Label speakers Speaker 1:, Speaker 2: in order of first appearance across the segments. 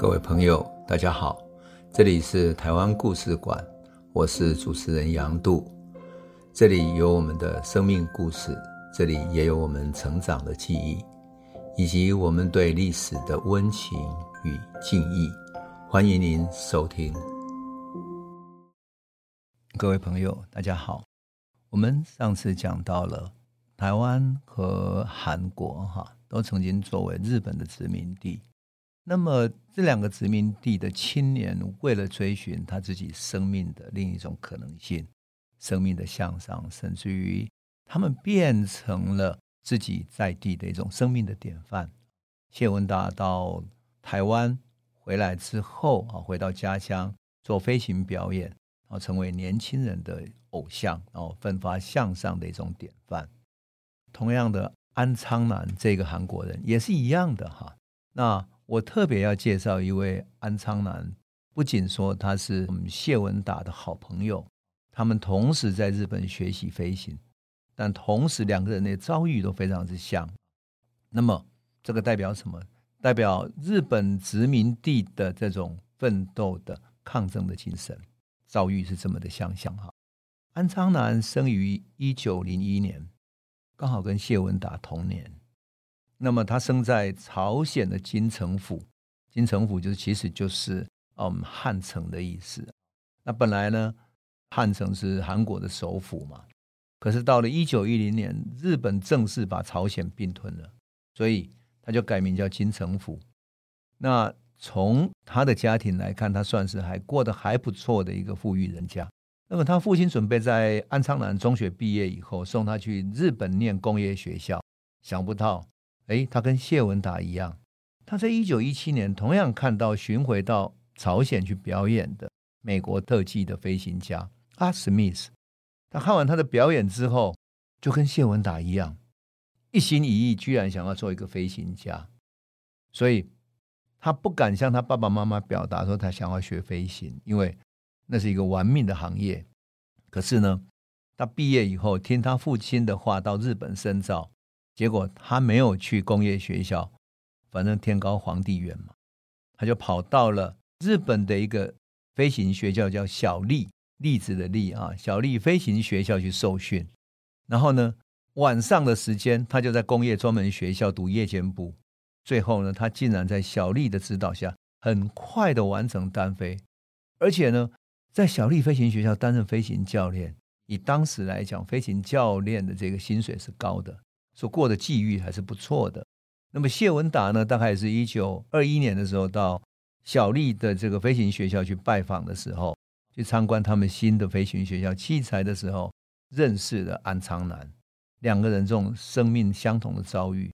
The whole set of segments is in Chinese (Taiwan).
Speaker 1: 各位朋友，大家好，這裡是台灣故事館，我是主持人楊度，這裡有我們的生命故事，這裡也有我們成長的記憶，以及我們對歷史的溫情與敬意。歡迎您收聽。各位朋友，大家好，我們上次講到了台灣和韓國，哈，都曾經作為日本的殖民地。那麼，這兩個殖民地的青年為了追尋他自己生命的另一種可能性，生命的向上，甚至於他們變成了自己在地的一種生命的典範。謝文達到台灣回來之後啊，回到家鄉做飛行表演，然後成為年輕人的偶像，然後奮發向上的一種典範。同樣的，安昌男這個韓國人也是一樣的哈，那。我特別要介紹一位安昌男，不僅說他是謝文達的好朋友，他們同時在日本學習飛行，但同時兩個人的遭遇都非常之像。那麼這個代表什麼？代表日本殖民地的這種奮鬥的抗爭的精神，遭遇是這麼的相像哈。安昌男生於一九零一年，剛好跟謝文達同年。那麼他生在朝鮮的京城府，京城府就是其實就是我們、嗯、漢城的意思。那本來呢，漢城是韓國的首府嘛。可是到了一九一零年，日本正式把朝鮮併吞了，所以他就改名叫京城府。那從他的家庭來看，他算是還過得還不錯的一個富裕人家。那麼他父親準備在安昌男中學畢業以後，送他去日本念工業學校，想不到。哎，他跟謝文達一樣，他在一九一七年同樣看到巡迴到朝鮮去表演的美國特技的飛行家阿史密斯，他看完他的表演之後，就跟謝文達一樣，一心一意，居然想要做一個飛行家。所以，他不敢向他爸爸媽媽表達說他想要學飛行，因為那是一個玩命的行業。可是呢，他畢業以後聽他父親的話，到日本深造。結果他沒有去工業學校，反正天高皇帝遠嘛，他就跑到了日本的一個飛行學校，叫小栗，栗子的栗啊，小栗飛行學校去受訓。然後呢，晚上的時間他就在工業專門學校讀夜間部。最後呢，他竟然在小栗的指導下，很快的完成單飛，而且呢，在小栗飛行學校擔任飛行教練。以當時來講，飛行教練的這個薪水是高的。所過的際遇還是不錯的。那麼謝文達呢？大概也是一九二一年的時候，到小麗的這個飛行學校去拜訪的時候，去參觀他們新的飛行學校器材的時候，認識了安昌男。兩個人這種生命相同的遭遇，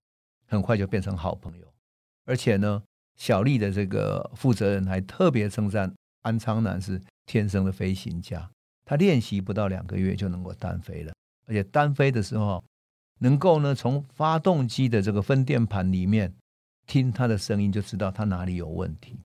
Speaker 1: 很快就變成好朋友。而且呢，小麗的這個負責人還特別稱讚安昌男是天生的飛行家，他練習不到兩個月就能夠單飛了，而且單飛的時候。能夠呢，從發動機的這個分電盤裡面聽它的聲音，就知道它哪裡有問題。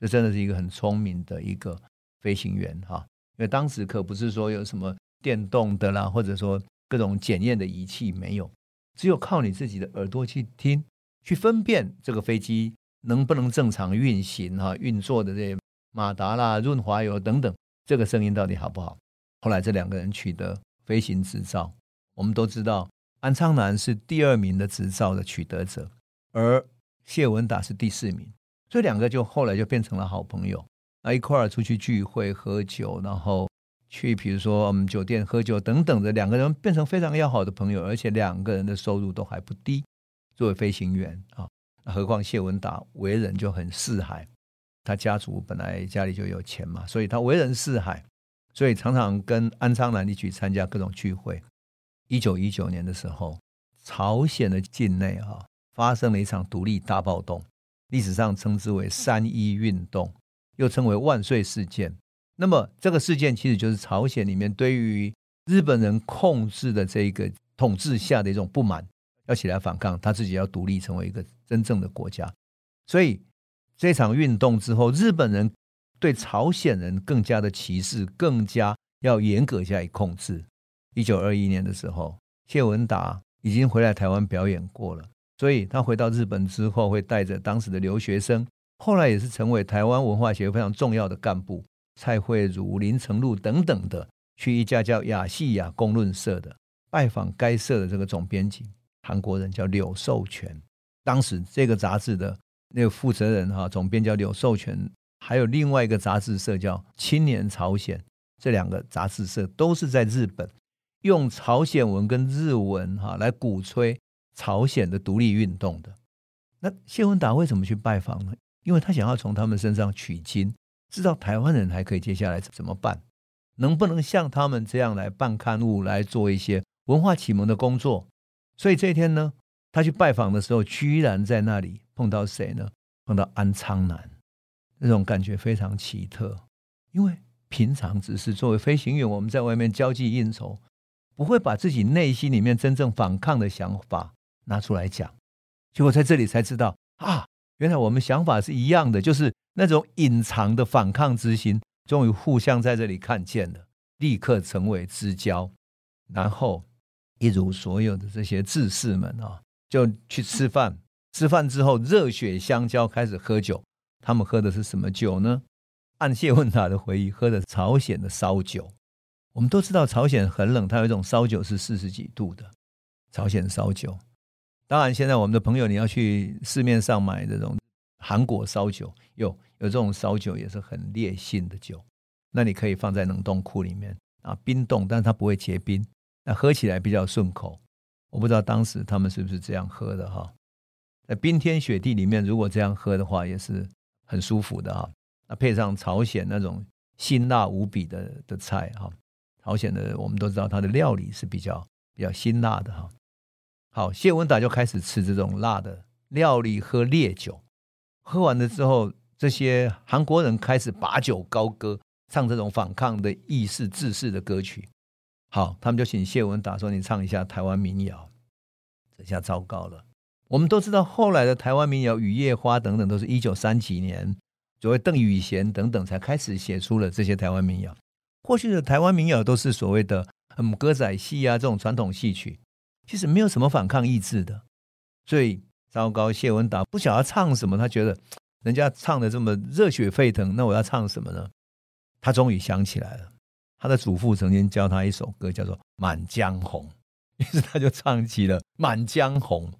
Speaker 1: 這真的是一個很聰明的一個飛行員哈、啊，因為當時可不是說有什麼電動的啦，或者說各種檢驗的儀器沒有，只有靠你自己的耳朵去聽，去分辨這個飛機能不能正常運行哈、啊，運作的這些馬達啦、潤滑油等等，這個聲音到底好不好？後來這兩個人取得飛行執照，我們都知道。安昌男是第二名的執照的取得者，而謝文達是第四名，所以兩個就後來就變成了好朋友，啊，一塊兒出去聚會喝酒，然後去比如說我們、嗯、酒店喝酒等等的，兩個人變成非常要好的朋友，而且兩個人的收入都還不低，作為飛行員啊，何況謝文達為人就很四海，他家族本來家裡就有錢嘛，所以他為人四海，所以常常跟安昌男一起參加各種聚會。一九一九年的時候，朝鮮的境內啊、哦、發生了一場獨立大暴動，歷史上稱之為“三一運動”，又稱為“萬歲事件”。那麼，這個事件其實就是朝鮮裡面對於日本人控制的這一個統治下的一種不滿，要起來反抗，他自己要獨立，成為一個真正的國家。所以，這場運動之後，日本人對朝鮮人更加的歧視，更加要嚴格加以控制。一九二一年的時候，謝文達已經回來台灣表演過了，所以他回到日本之後，會帶着當時的留學生，後來也是成為台灣文化協會非常重要的幹部，蔡惠如、林呈祿等等的，去一家叫亞細亞公論社的拜訪該社的這個總編輯，韓國人叫柳壽全。當時這個雜誌的那個負責人哈、啊，總編叫柳壽全，還有另外一個雜誌社叫《青年朝鮮》，這兩個雜誌社都是在日本。用朝鮮文跟日文哈來鼓吹朝鮮的獨立運動的。那謝文達為什麼去拜訪呢？因為他想要從他們身上取經，知道台灣人還可以接下來怎麼辦，能不能像他們這樣來辦刊物，來做一些文化啟蒙的工作。所以這一天呢，他去拜訪的時候，居然在那裡碰到誰呢？碰到安昌男，那種感覺非常奇特，因為平常只是作為飛行員，我們在外面交際應酬。不會把自己內心裡面真正反抗的想法拿出來講，結果在這裡才知道啊，原來我們想法是一樣的，就是那種隱藏的反抗之心，終於互相在這裡看見了，立刻成為知交。然後，一如所有的這些志士們啊，就去吃飯，吃飯之後熱血相交，開始喝酒。他們喝的是什麼酒呢？按謝文達的回憶，喝的朝鮮的燒酒。我們都知道朝鮮很冷，它有一種燒酒是四十幾度的，朝鮮燒酒。當然，現在我們的朋友，你要去市面上買這種韓國燒酒，有，有這種燒酒也是很烈性的酒。那你可以放在冷凍庫裡面啊，冰凍，但是它不會結冰，那喝起來比較順口。我不知道當時他們是不是這樣喝的哈，在冰天雪地裡面，如果這樣喝的話，也是很舒服的哈。那，啊，配上朝鮮那種辛辣無比的的菜哈。朝鮮的我們都知道，它的料理是比較比較辛辣的哈。好，謝文達就開始吃這種辣的料理，喝烈酒。喝完了之後，這些韓國人開始把酒高歌，唱這種反抗的意識、自式的歌曲。好，他們就請謝文達說：“你唱一下台灣民謠。”這下糟糕了。我們都知道，後來的台灣民謠《雨夜花》等等，都是一九三幾年，所謂鄧雨賢等等，才開始寫出了這些台灣民謠。過去的台灣民謠都是所謂的嗯歌仔戲啊這種傳統戲曲，其實沒有什麼反抗意志的。最糟糕，謝文達不曉得唱什麼，他覺得人家唱的這麼熱血沸騰，那我要唱什麼呢？他終於想起來了，他的祖父曾經教他一首歌，叫做《滿江紅》。於是他就唱起了《滿江紅》。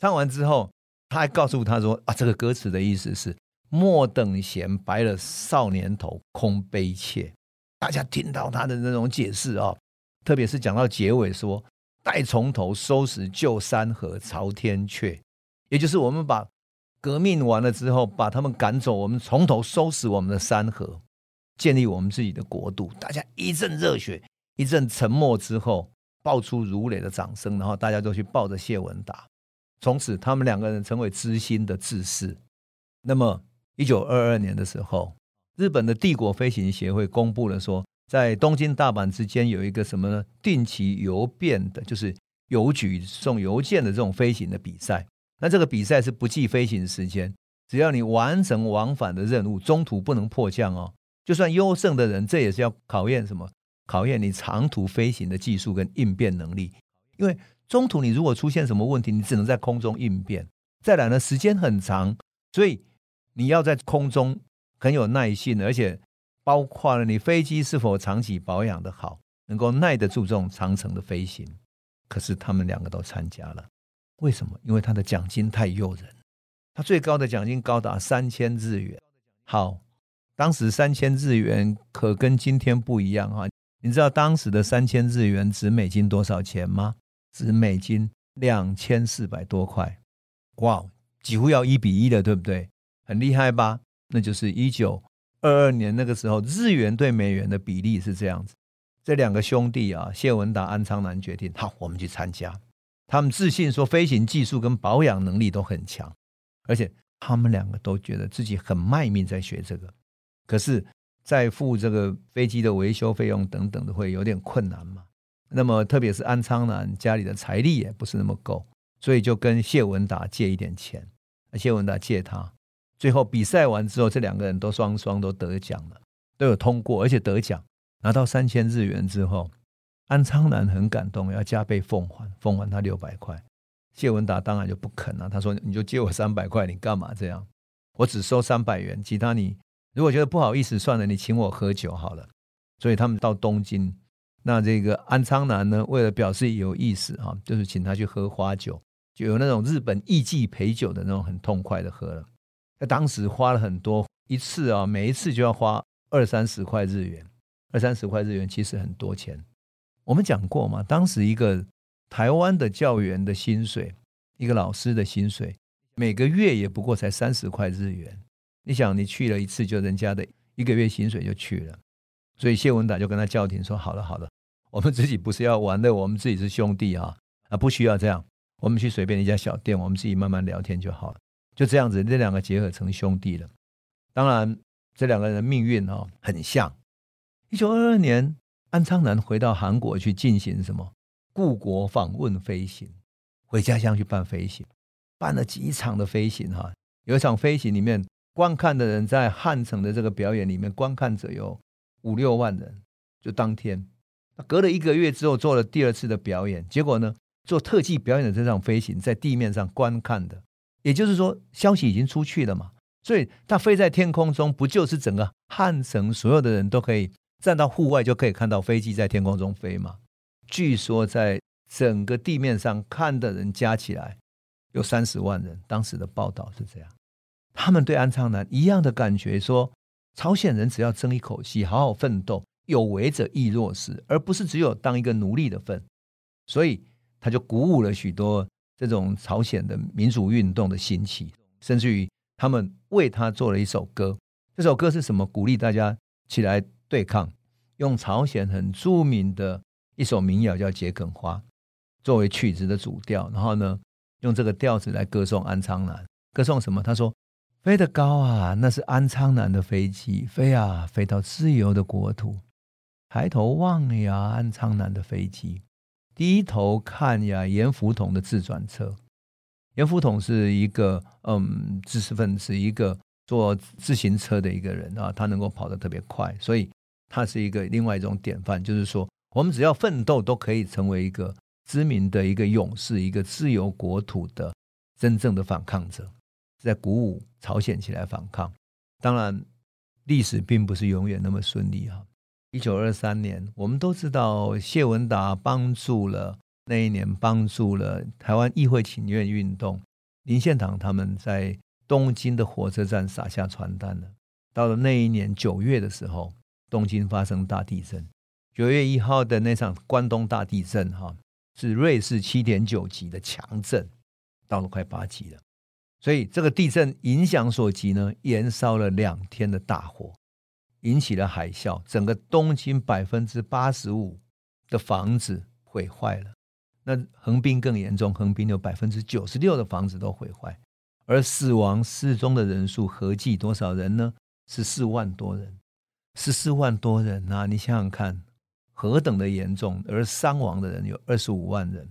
Speaker 1: 唱完之後，他還告訴他說：“啊，這個歌詞的意思是莫等閒，白了少年頭，空悲切。”大家聽到他的那種解釋啊、哦，特別是講到結尾說“待從頭收拾舊山河，朝天闕”，也就是我們把革命完了之後，把他們趕走，我們從頭收拾我們的山河，建立我們自己的國度。大家一陣熱血，一陣沉默之後，爆出如雷的掌聲，然後大家都去抱着謝文達。從此，他們兩個人成為知心的志士。那麼，一九二二年的時候。日本的帝國飛行協會公布了說，在東京、大阪之間有一個什麼呢？定期郵便的，就是郵局送郵件的這種飛行的比賽。那這個比賽是不計飛行時間，只要你完成往返的任務，中途不能迫降哦。就算優勝的人，這也是要考驗什麼？考驗你長途飛行的技術跟應變能力。因為中途你如果出現什麼問題，你只能在空中應變。再來呢，時間很長，所以你要在空中。很有耐心，而且包括了你飛機是否長期保養的好，能夠耐得住這種長程的飛行。可是他們兩個都參加了，為什麼？因為他的獎金太誘人，他最高的獎金高達三千日元。好，當時三千日元可跟今天不一樣哈。你知道當時的三千日元值美金多少錢嗎？值美金兩千四百多塊。哇，幾乎要一比一的，對不對？很厲害吧？那就是一九二二年那個時候，日元對美元的比例是這樣子。這兩個兄弟啊，謝文達、安昌男決定，好，我們去參加。他們自信說飛行技術跟保養能力都很強，而且他們兩個都覺得自己很賣命在學這個。可是，在付這個飛機的維修費用等等的會有點困難嘛。那麼，特別是安昌男家裡的財力也不是那麼夠，所以就跟謝文達借一點錢，而謝文達借他。最後比賽完之後，這兩個人都雙雙都得獎了，都有通過，而且得獎拿到三千日元之後，安昌男很感動，要加倍奉還，奉還他六百塊。謝文達當然就不肯了啊，他說：“你就借我三百塊，你幹嘛這樣？我只收三百元，其他你如果覺得不好意思，算了，你請我喝酒好了。”所以他們到東京，那這個安昌男呢，為了表示有意思哈，就是請他去喝花酒，就有那種日本藝妓陪酒的那種，很痛快的喝了。他當時花了很多一次啊，每一次就要花二三十塊日元，二三十塊日元其實很多錢。我們講過嘛，當時一個台灣的教員的薪水，一個老師的薪水，每個月也不過才三十塊日元。你想，你去了一次，就人家的一個月薪水就去了。所以謝文達就跟他叫停說：“好了好了，我們自己不是要玩的，我們自己是兄弟啊，啊不需要這樣，我們去隨便一家小店，我們自己慢慢聊天就好了。”就這樣子，這兩個結合成兄弟了。當然，這兩個人命運啊、哦、很像。一九二二年，安昌男回到韓國去進行什麼故國訪問飛行，回家鄉去辦飛行，辦了幾場的飛行哈、啊。有一場飛行裡面，觀看的人在漢城的這個表演裡面，觀看者有五六萬人。就當天，隔了一個月之後，做了第二次的表演，結果呢，做特技表演的這場飛行，在地面上觀看的。也就是說，消息已經出去了嘛，所以他飛在天空中，不就是整個漢城所有的人都可以站到戶外就可以看到飛機在天空中飛嗎？據說在整個地面上看的人加起來有三十萬人，當時的報道是這樣。他們對安昌男一樣的感覺說，說朝鮮人只要爭一口氣，好好奮鬥，有為者亦若是，而不是只有當一個奴隸的份。所以他就鼓舞了許多。這種朝鮮的民族運動的興起，甚至於他們為他做了一首歌。這首歌是什麼？鼓勵大家起來對抗，用朝鮮很著名的一首民謠叫《桔梗花》作為曲子的主調，然後呢，用這個調子來歌頌安昌男。歌頌什麼？他說：“飛得高啊，那是安昌男的飛機，飛啊飛到自由的國土。抬頭望呀，安昌男的飛機。”低頭看呀，嚴福彤的自轉車。嚴福彤是一個嗯，知識分子，一個做自行車的一個人啊，他能夠跑得特別快，所以他是一個另外一種典範，就是說，我們只要奮鬥，都可以成為一個知名的一個勇士，一個自由國土的真正的反抗者，在鼓舞朝鮮起來反抗。當然，歷史並不是永遠那麼順利哈、啊。一九二三年，我們都知道謝文達幫助了那一年，幫助了台灣議會請願運動。林獻堂他們在東京的火車站撒下傳單了。到了那一年九月的時候，東京發生大地震。九月一號的那場關東大地震，哈，是芮氏七點九級的強震，到了快八級了。所以這個地震影響所及呢，延燒了兩天的大火。引起了海嘯，整個東京百分之八十五的房子毀壞了。那橫濱更嚴重，橫濱有百分之九十六的房子都毀壞。而死亡失蹤的人數合計多少人呢？十四萬多人，十四萬多人啊！你想想看，何等的嚴重！而傷亡的人有二十五萬人，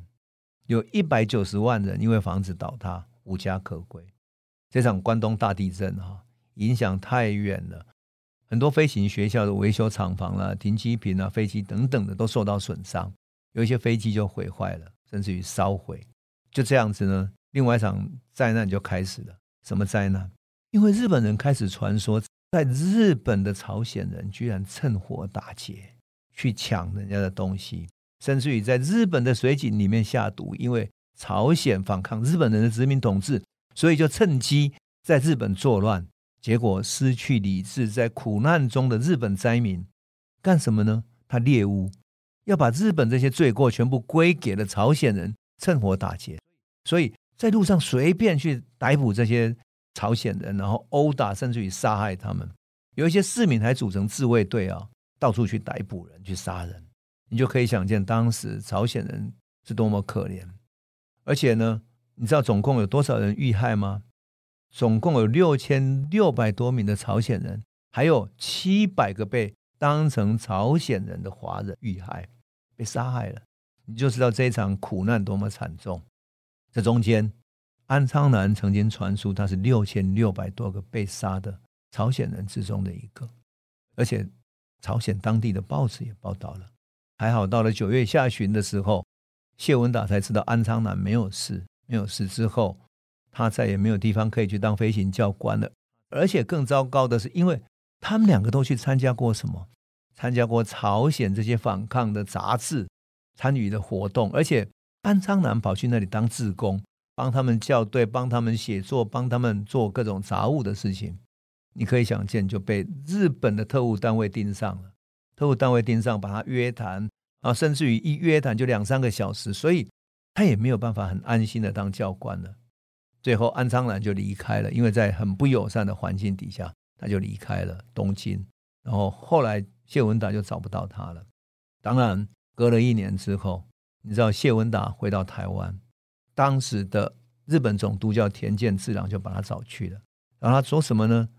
Speaker 1: 有一百九十萬人因為房子倒塌，無家可歸。這場關東大地震啊，影響太遠了。很多飛行學校的維修廠房啦、啊、停機坪啊、飛機等等的都受到損傷，有一些飛機就毀壞了，甚至於燒毀。就這樣子呢，另外一場災難就開始了。什麼災難？因為日本人開始傳說，在日本的朝鮮人居然趁火打劫，去搶人家的東西，甚至於在日本的水井裡面下毒。因為朝鮮反抗日本人的殖民統治，所以就趁機在日本作亂。結果失去理智，在苦難中的日本災民幹什麼呢？他獵巫，要把日本這些罪過全部歸給了朝鮮人，趁火打劫。所以在路上隨便去逮捕這些朝鮮人，然後毆打，甚至於殺害他們。有一些市民還組成自衛隊啊，到處去逮捕人，去殺人。你就可以想見當時朝鮮人是多麼可憐。而且呢，你知道總共有多少人遇害嗎？總共有六千六百多名的朝鮮人，還有七百個被當成朝鮮人的華人遇害，被殺害了。你就知道這一場苦難多麼慘重。這中間，安昌男曾經傳出他是六千六百多個被殺的朝鮮人之中的一個，而且朝鮮當地的報紙也報道了。還好，到了九月下旬的時候，謝文達才知道安昌男沒有事，沒有事之後。他再也沒有地方可以去當飛行教官了，而且更糟糕的是，因為他們兩個都去參加過什麼，參加過朝鮮這些反抗的雜誌參與的活動，而且安昌男跑去那裡當志工，幫他們校對，幫他們寫作，幫他們做各種雜物的事情。你可以想見，就被日本的特務單位盯上了，特務單位盯上，把他約談啊，甚至於一約談就兩三個小時，所以他也沒有辦法很安心的當教官了。最後，安昌男就離開了，因為在很不友善的環境底下，他就離開了東京。然後後來謝文達就找不到他了。當然，隔了一年之後，你知道謝文達回到台灣，當時的日本總督叫田健治郎，就把他找去了。然後他說什麼呢？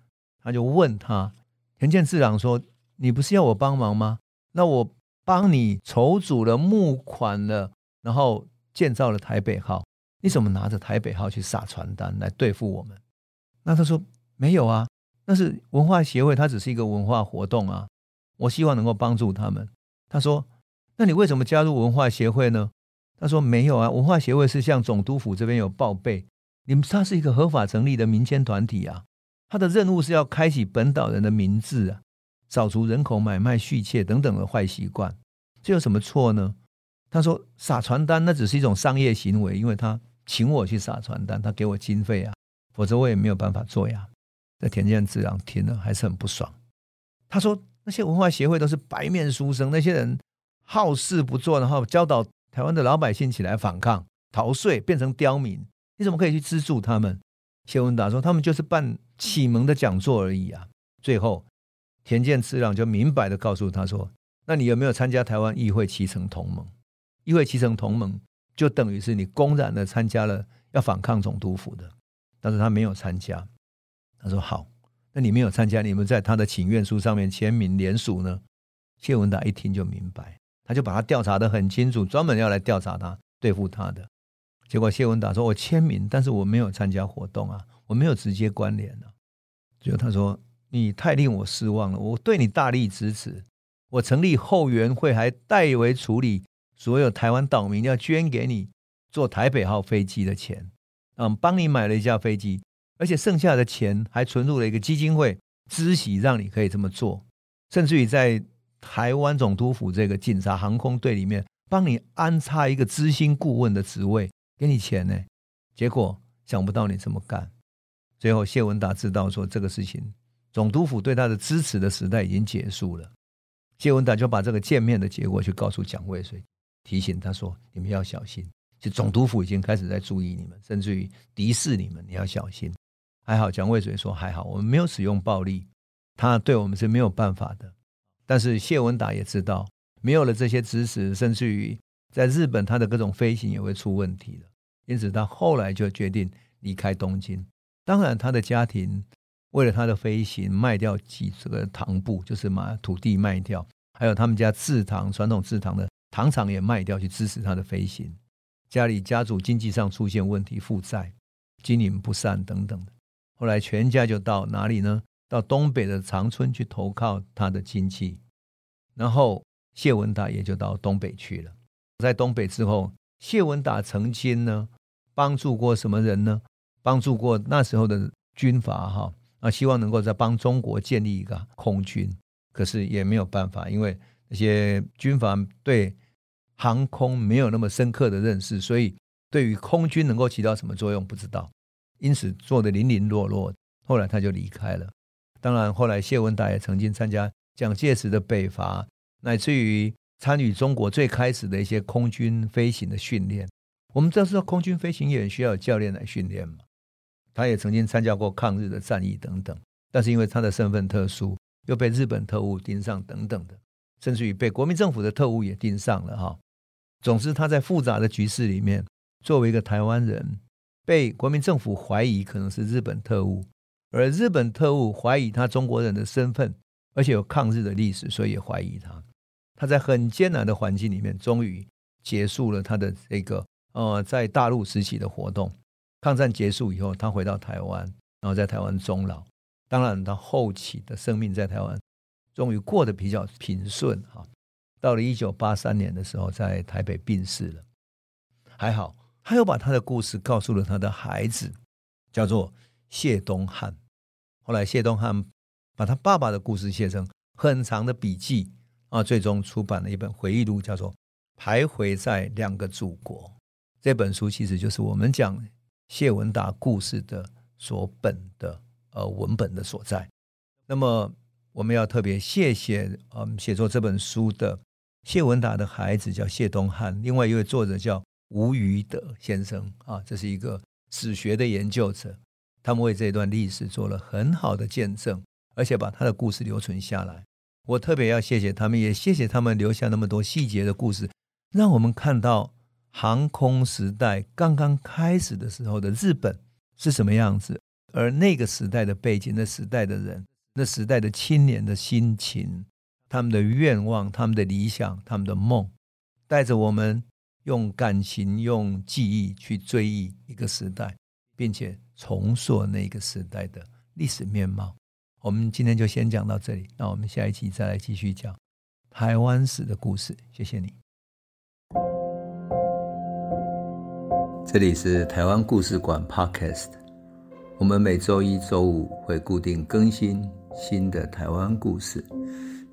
Speaker 1: 他就問他田健治郎說：“你不是要我幫忙嗎？那我幫你籌組了募款了，然後建造了台北號。”你怎麼拿着台北號去撒傳單來對付我們？那他說沒有啊，那是文化協會，它只是一個文化活動啊。我希望能夠幫助他們。他說，那你為什麼加入文化協會呢？他說沒有啊，文化協會是向總督府這邊有報備，你們它是一個合法成立的民間團體啊。它的任務是要開啟本島人的民智啊，掃除人口買賣、蓄妾等等的壞習慣，這有什麼錯呢？他說：“撒傳單那只是一種商業行為，因為他請我去撒傳單，他給我經費啊，否則我也沒有辦法做呀。”那田健治郎聽了還是很不爽。他說：“那些文化協會都是白面書生，那些人好事不做的話，然後教導台灣的老百姓起來反抗、逃稅，變成刁民，你怎麼可以去資助他們？”謝文達說：“他們就是辦啟蒙的講座而已啊。”最後，田健治郎就明白的告訴他說：“那你有沒有參加台灣議會期成同盟？”因為期成同盟，就等於是你公然的參加了要反抗總督府的，但是他沒有參加。他說，好，那你沒有參加，你們在他的請願書上面簽名聯署呢？謝文達一聽就明白，他就把他調查得很清楚，專門要來調查他，對付他的。結果謝文達說：“我簽名，但是我沒有參加活動啊，我沒有直接關聯啊。”最後他說：“你太令我失望了，我對你大力支持，我成立後援會還代為處理。”所有台灣島民要捐給你做台北號飛機的錢，嗯，幫你買了一架飛機，而且剩下的錢還存入了一個基金會，孳息讓你可以這麼做，甚至於在台灣總督府這個警察航空隊裡面幫你安插一個諮詢顧問的職位，給你錢呢。結果想不到你這麼幹，最後謝文達知道說這個事情，總督府對他的支持的時代已經結束了，謝文達就把這個見面的結果去告訴蔣渭水。提醒他說：“你們要小心，就總督府已經開始在注意你們，甚至於敵視你們。你要小心。還好蔣渭水說，還好，我們沒有使用暴力，他對我們是沒有辦法的。但是謝文達也知道，沒有了這些知識，甚至於在日本他的各種飛行也會出問題的。因此，他後來就決定離開東京。當然，他的家庭為了他的飛行，賣掉幾十個糖廍，就是把土地賣掉，還有他們家制糖傳統制糖的。”常常也賣掉去支持他的飛行，家裡家族經濟上出現問題，負債、經營不善等等。後來全家就到哪裡呢？到東北的長春去投靠他的親戚。然後謝文達也就到東北去了。在東北之後，謝文達曾經呢，幫助過什麼人呢？幫助過那時候的軍閥哈。那希望能夠再幫中國建立一個空軍。可是也沒有辦法，因為那些軍閥對。航空沒有那麼深刻的認識，所以對於空軍能夠起到什麼作用不知道，因此做得零零落落。後來他就離開了。當然，後來謝文達也曾經參加蔣介石的北伐，乃至於參與中國最開始的一些空軍飛行的訓練。我們知道，空軍飛行員需要教練來訓練嘛。他也曾經參加過抗日的戰役等等。但是因為他的身份特殊，又被日本特務盯上等等的，甚至於被國民政府的特務也盯上了哈。總之，他在複雜的局勢裡面，作為一個台灣人，被國民政府懷疑可能是日本特務，而日本特務懷疑他中國人的身份，而且有抗日的歷史，所以也懷疑他。他在很艱難的環境裡面，終於結束了他的這個呃，在大陸時期的活動。抗戰結束以後，他回到台灣，然後在台灣終老。當然，他後期的生命在台灣，終於過得比較平順。啊。到了一九八三年的時候，在台北病逝了。還好，他又把他的故事告訴了他的孩子，叫做謝東漢。後來，謝東漢把他爸爸的故事寫成很長的筆記啊，最終出版了一本回憶錄，叫做《徘徊在兩個祖國》。這本書其實就是我們講謝文達故事的所本的呃文本的所在。那麼，我們要特別謝謝嗯、呃，寫作這本書的。謝文達的孩子叫謝東漢，另外一位作者叫吳宇德先生啊，這是一個史學的研究者，他們為這段歷史做了很好的見證，而且把他的故事留存下來。我特別要謝謝他們，也謝謝他們留下那麼多細節的故事，讓我們看到航空時代剛剛開始的時候的日本是什麼樣子，而那個時代的背景、那時代的人、那時代的青年的心情。他們的願望、他們的理想、他們的夢，帶着我們用感情、用記憶去追憶一個時代，並且重塑那個時代的歷史面貌。我們今天就先講到這裡，那我們下一期再來繼續講台灣史的故事。謝謝你，這裡是台灣故事館 Podcast，我們每週一週五會固定更新新的台灣故事。